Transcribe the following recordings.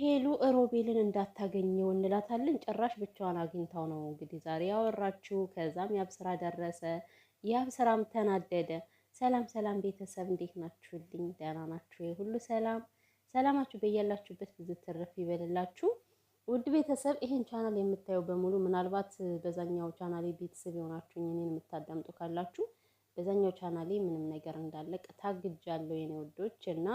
ሄሉ ሮቤልን እንዳታገኘው እንላታለን። ጭራሽ ብቻዋን አግኝታው ነው እንግዲህ ዛሬ ያወራችው። ከዛም ያብስራ ደረሰ። ያብስራም ተናደደ። ሰላም ሰላም ቤተሰብ እንዴት ናችሁልኝ? ደህና ናችሁ? የሁሉ ሰላም ሰላማችሁ በያላችሁበት ብዙ ትርፍ ይበልላችሁ። ውድ ቤተሰብ ይህን ቻናል የምታየው በሙሉ ምናልባት በዛኛው ቻናሌ ቤተሰብ የሆናችሁ እኔን የምታዳምጡ ካላችሁ በዛኛው ቻናሌ ምንም ነገር እንዳለቅ ታግጃለሁ የኔ ውዶች እና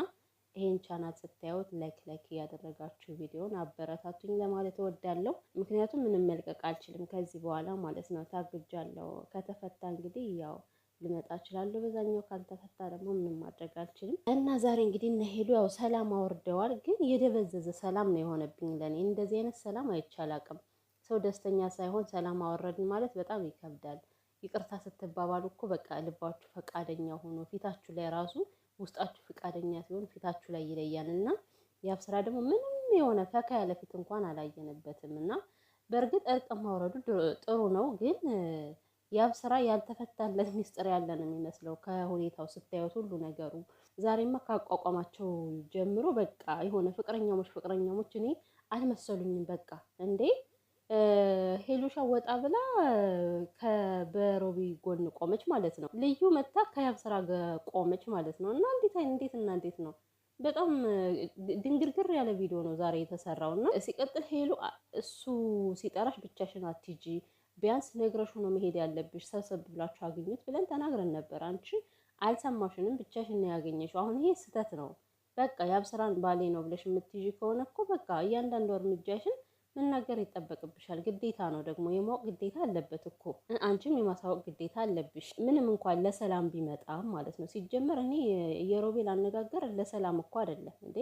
ይሄን ቻናል ስታዩት ላይክ ላይክ እያደረጋችሁ ቪዲዮን አበረታቱኝ ለማለት እወዳለሁ። ምክንያቱም ምንም መልቀቅ አልችልም ከዚህ በኋላ ማለት ነው። ታግጃለሁ። ከተፈታ እንግዲህ ያው ልመጣ እችላለሁ። በዛኛው ካልተፈታ ደግሞ ምንም ማድረግ አልችልም እና ዛሬ እንግዲህ እነ ሄሉ ያው ሰላም አውርደዋል። ግን የደበዘዘ ሰላም ነው የሆነብኝ ለእኔ። እንደዚህ አይነት ሰላም አይቼ ሰው ደስተኛ ሳይሆን ሰላም አወረድን ማለት በጣም ይከብዳል። ይቅርታ ስትባባሉ እኮ በቃ ልባችሁ ፈቃደኛ ሆኖ ፊታችሁ ላይ ራሱ ውስጣችሁ ፍቃደኛ ሲሆን ፊታችሁ ላይ ይለያል እና ያብ ስራ ደግሞ ምንም የሆነ ፈካ ያለ ፊት እንኳን አላየንበትም። እና በእርግጥ እርቅ ማውረዱ ጥሩ ነው፣ ግን ያብ ስራ ያልተፈታለት ሚስጥር ያለ ነው የሚመስለው ከሁኔታው ስታዩት ሁሉ ነገሩ። ዛሬማ ካቋቋማቸው ጀምሮ በቃ የሆነ ፍቅረኛሞች ፍቅረኛሞች እኔ አልመሰሉኝም። በቃ እንዴ ሄሉሻ ወጣ ብላ ከበሮቢ ጎን ቆመች ማለት ነው። ልዩ መታ ከያብ ስራ ቆመች ማለት ነው። እና እንዴት እንዴት እና እንዴት ነው በጣም ድንግርግር ያለ ቪዲዮ ነው ዛሬ የተሰራው። እና ሲቀጥል ሄሉ እሱ ሲጠራሽ ብቻሽን አትጂ ቢያንስ ነግረሽ ነው መሄድ ያለብሽ፣ ሰብሰብ ብላችሁ አግኙት ብለን ተናግረን ነበር። አንቺ አልሰማሽንም፣ ብቻሽን ነው ያገኘሽው። አሁን ይሄ ስህተት ነው። በቃ ያብ ባሌ ነው ብለሽ የምትጂ ከሆነ እኮ በቃ እያንዳንዱ እርምጃሽን መናገር ይጠበቅብሻል። ግዴታ ነው ደግሞ የማወቅ ግዴታ አለበት እኮ አንቺም የማሳወቅ ግዴታ አለብሽ። ምንም እንኳን ለሰላም ቢመጣም ማለት ነው። ሲጀመር እኔ የሮቤል አነጋገር ለሰላም እኮ አይደለም እንዴ።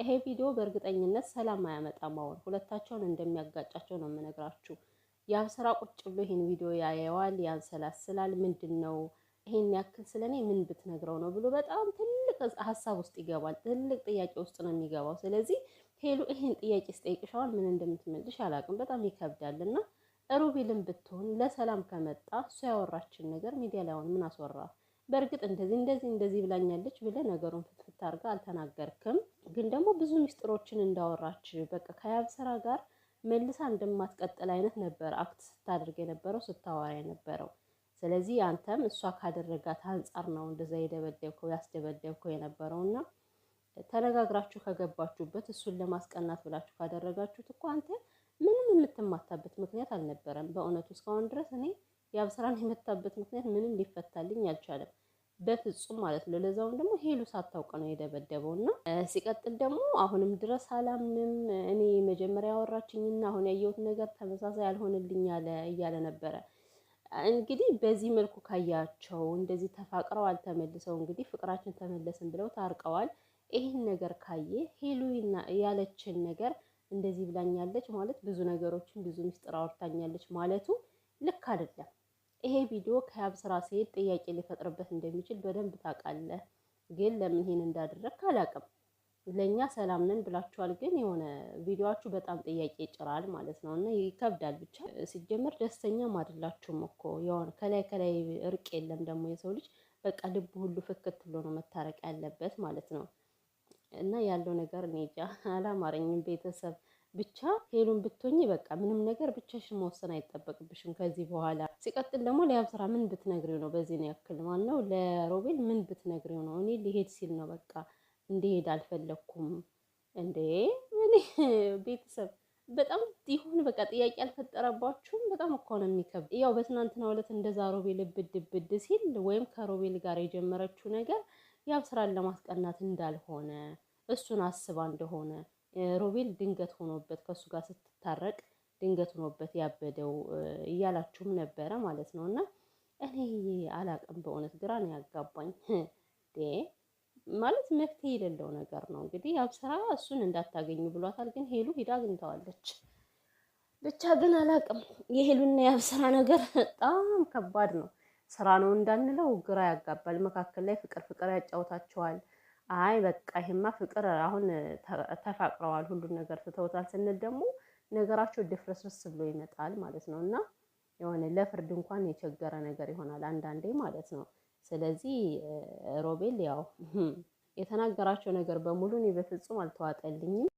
ይሄ ቪዲዮ በእርግጠኝነት ሰላም አያመጣም። አሁን ሁለታቸውን እንደሚያጋጫቸው ነው የምነግራችሁ። ያ ስራ ቁጭ ብሎ ይህን ቪዲዮ ያየዋል፣ ያንሰላስላል። ምንድን ነው ይሄን ያክል ስለኔ ምን ብትነግረው ነው ብሎ በጣም ትልቅ ሀሳብ ውስጥ ይገባል። ትልቅ ጥያቄ ውስጥ ነው የሚገባው። ስለዚህ ሄሉ ይሄን ጥያቄ ስጠይቅሻዋል ምን እንደምትመልሽ አላውቅም። በጣም ይከብዳል እና ሩቤልም ብትሆን ለሰላም ከመጣ እሱ ያወራችን ነገር ሚዲያ ላይ አሁን ምን አስወራ? በእርግጥ እንደዚህ እንደዚህ እንደዚህ ብላኛለች ብለህ ነገሩን ፍትፍት አድርጋ አልተናገርክም። ግን ደግሞ ብዙ ሚስጥሮችን እንዳወራች በቃ ከያብ ስራ ጋር መልሳ እንደማትቀጥል አይነት ነበር አክት ስታደርግ የነበረው ስታወራ የነበረው ስለዚህ አንተም እሷ ካደረጋት አንጻር ነው እንደዛ የደበደብከው ያስደበደብከው የነበረው እና ተነጋግራችሁ ከገባችሁበት እሱን ለማስቀናት ብላችሁ ካደረጋችሁት እኮ አንተ ምንም የምትማታበት ምክንያት አልነበረም። በእውነቱ እስካሁን ድረስ እኔ የአብስራን የመታበት ምክንያት ምንም ሊፈታልኝ አልቻለም፣ በፍጹም ማለት ነው። ለዛውም ደግሞ ሄሉ ሳታውቅ ነው የደበደበው እና ሲቀጥል ደግሞ አሁንም ድረስ አላምንም እኔ መጀመሪያ ያወራችኝና አሁን ያየሁት ነገር ተመሳሳይ አልሆንልኝ እያለ ነበረ እንግዲህ በዚህ መልኩ ካያቸው እንደዚህ ተፋቅረዋል ተመልሰው እንግዲህ ፍቅራችን ተመለስን ብለው ታርቀዋል። ይህን ነገር ካየ ሄሉ ያለችን ነገር እንደዚህ ብላኛለች ማለት ብዙ ነገሮችን ብዙ ምስጢር አወርታኛለች ማለቱ ልክ አይደለም። ይሄ ቪዲዮ ከያብ ስራ ሲሄድ ጥያቄ ሊፈጥርበት እንደሚችል በደንብ ታውቃለህ። ግን ለምን ይሄን እንዳደረግ አላውቅም። ለእኛ ሰላም ነን ብላችኋል፣ ግን የሆነ ቪዲዮችሁ በጣም ጥያቄ ይጭራል ማለት ነው እና ይከብዳል። ብቻ ሲጀመር ደስተኛም አይደላችሁም እኮ የሆነ ከላይ ከላይ እርቅ የለም ደግሞ የሰው ልጅ በቃ ልብ ሁሉ ፍክት ብሎ ነው መታረቅ ያለበት ማለት ነው እና ያለው ነገር እኔ እንጃ አላማረኝም። ቤተሰብ ብቻ ሄሉን ብትሆኝ በቃ ምንም ነገር ብቻሽን መወሰን አይጠበቅብሽም ከዚህ በኋላ። ሲቀጥል ደግሞ ለያብስራ ምን ብትነግሪው ነው በዚህ ነው ያክል ማለት ነው? ለሮቤል ምን ብትነግሪው ነው? እኔ ሊሄድ ሲል ነው በቃ እንዲሄድ አልፈለኩም። እንዴ እኔ ቤተሰብ በጣም ይሁን በቃ ጥያቄ አልፈጠረባችሁም? በጣም እኮ ነው የሚከብድ። ያው በትናንትናው ዕለት እንደዛ ሮቤል ብድ ብድ ሲል ወይም ከሮቤል ጋር የጀመረችው ነገር ያው ስራን ለማስቀናት እንዳልሆነ እሱን አስባ እንደሆነ ሮቤል ድንገት ሆኖበት ከእሱ ጋር ስትታረቅ ድንገት ሆኖበት ያበደው እያላችሁም ነበረ ማለት ነው። እና እኔ አላቅም በእውነት ግራ ነው ያጋባኝ። ማለት መፍትሄ የሌለው ነገር ነው። እንግዲህ አብስራ እሱን እንዳታገኙ ብሏታል፣ ግን ሄሉ ሂዳ አግኝተዋለች። ብቻ ግን አላቅም። የሄሉና የአብስራ ነገር በጣም ከባድ ነው። ስራ ነው እንዳንለው ግራ ያጋባል። መካከል ላይ ፍቅር ፍቅር ያጫውታቸዋል። አይ በቃ ይሄማ ፍቅር አሁን ተፋቅረዋል፣ ሁሉን ነገር ትተውታል ስንል ደግሞ ነገራቸው ድፍርስርስ ብሎ ይመጣል ማለት ነው እና የሆነ ለፍርድ እንኳን የቸገረ ነገር ይሆናል አንዳንዴ ማለት ነው። ስለዚህ ሮቤል ያው የተናገራቸው ነገር በሙሉ እኔ በፍጹም አልተዋጠልኝም።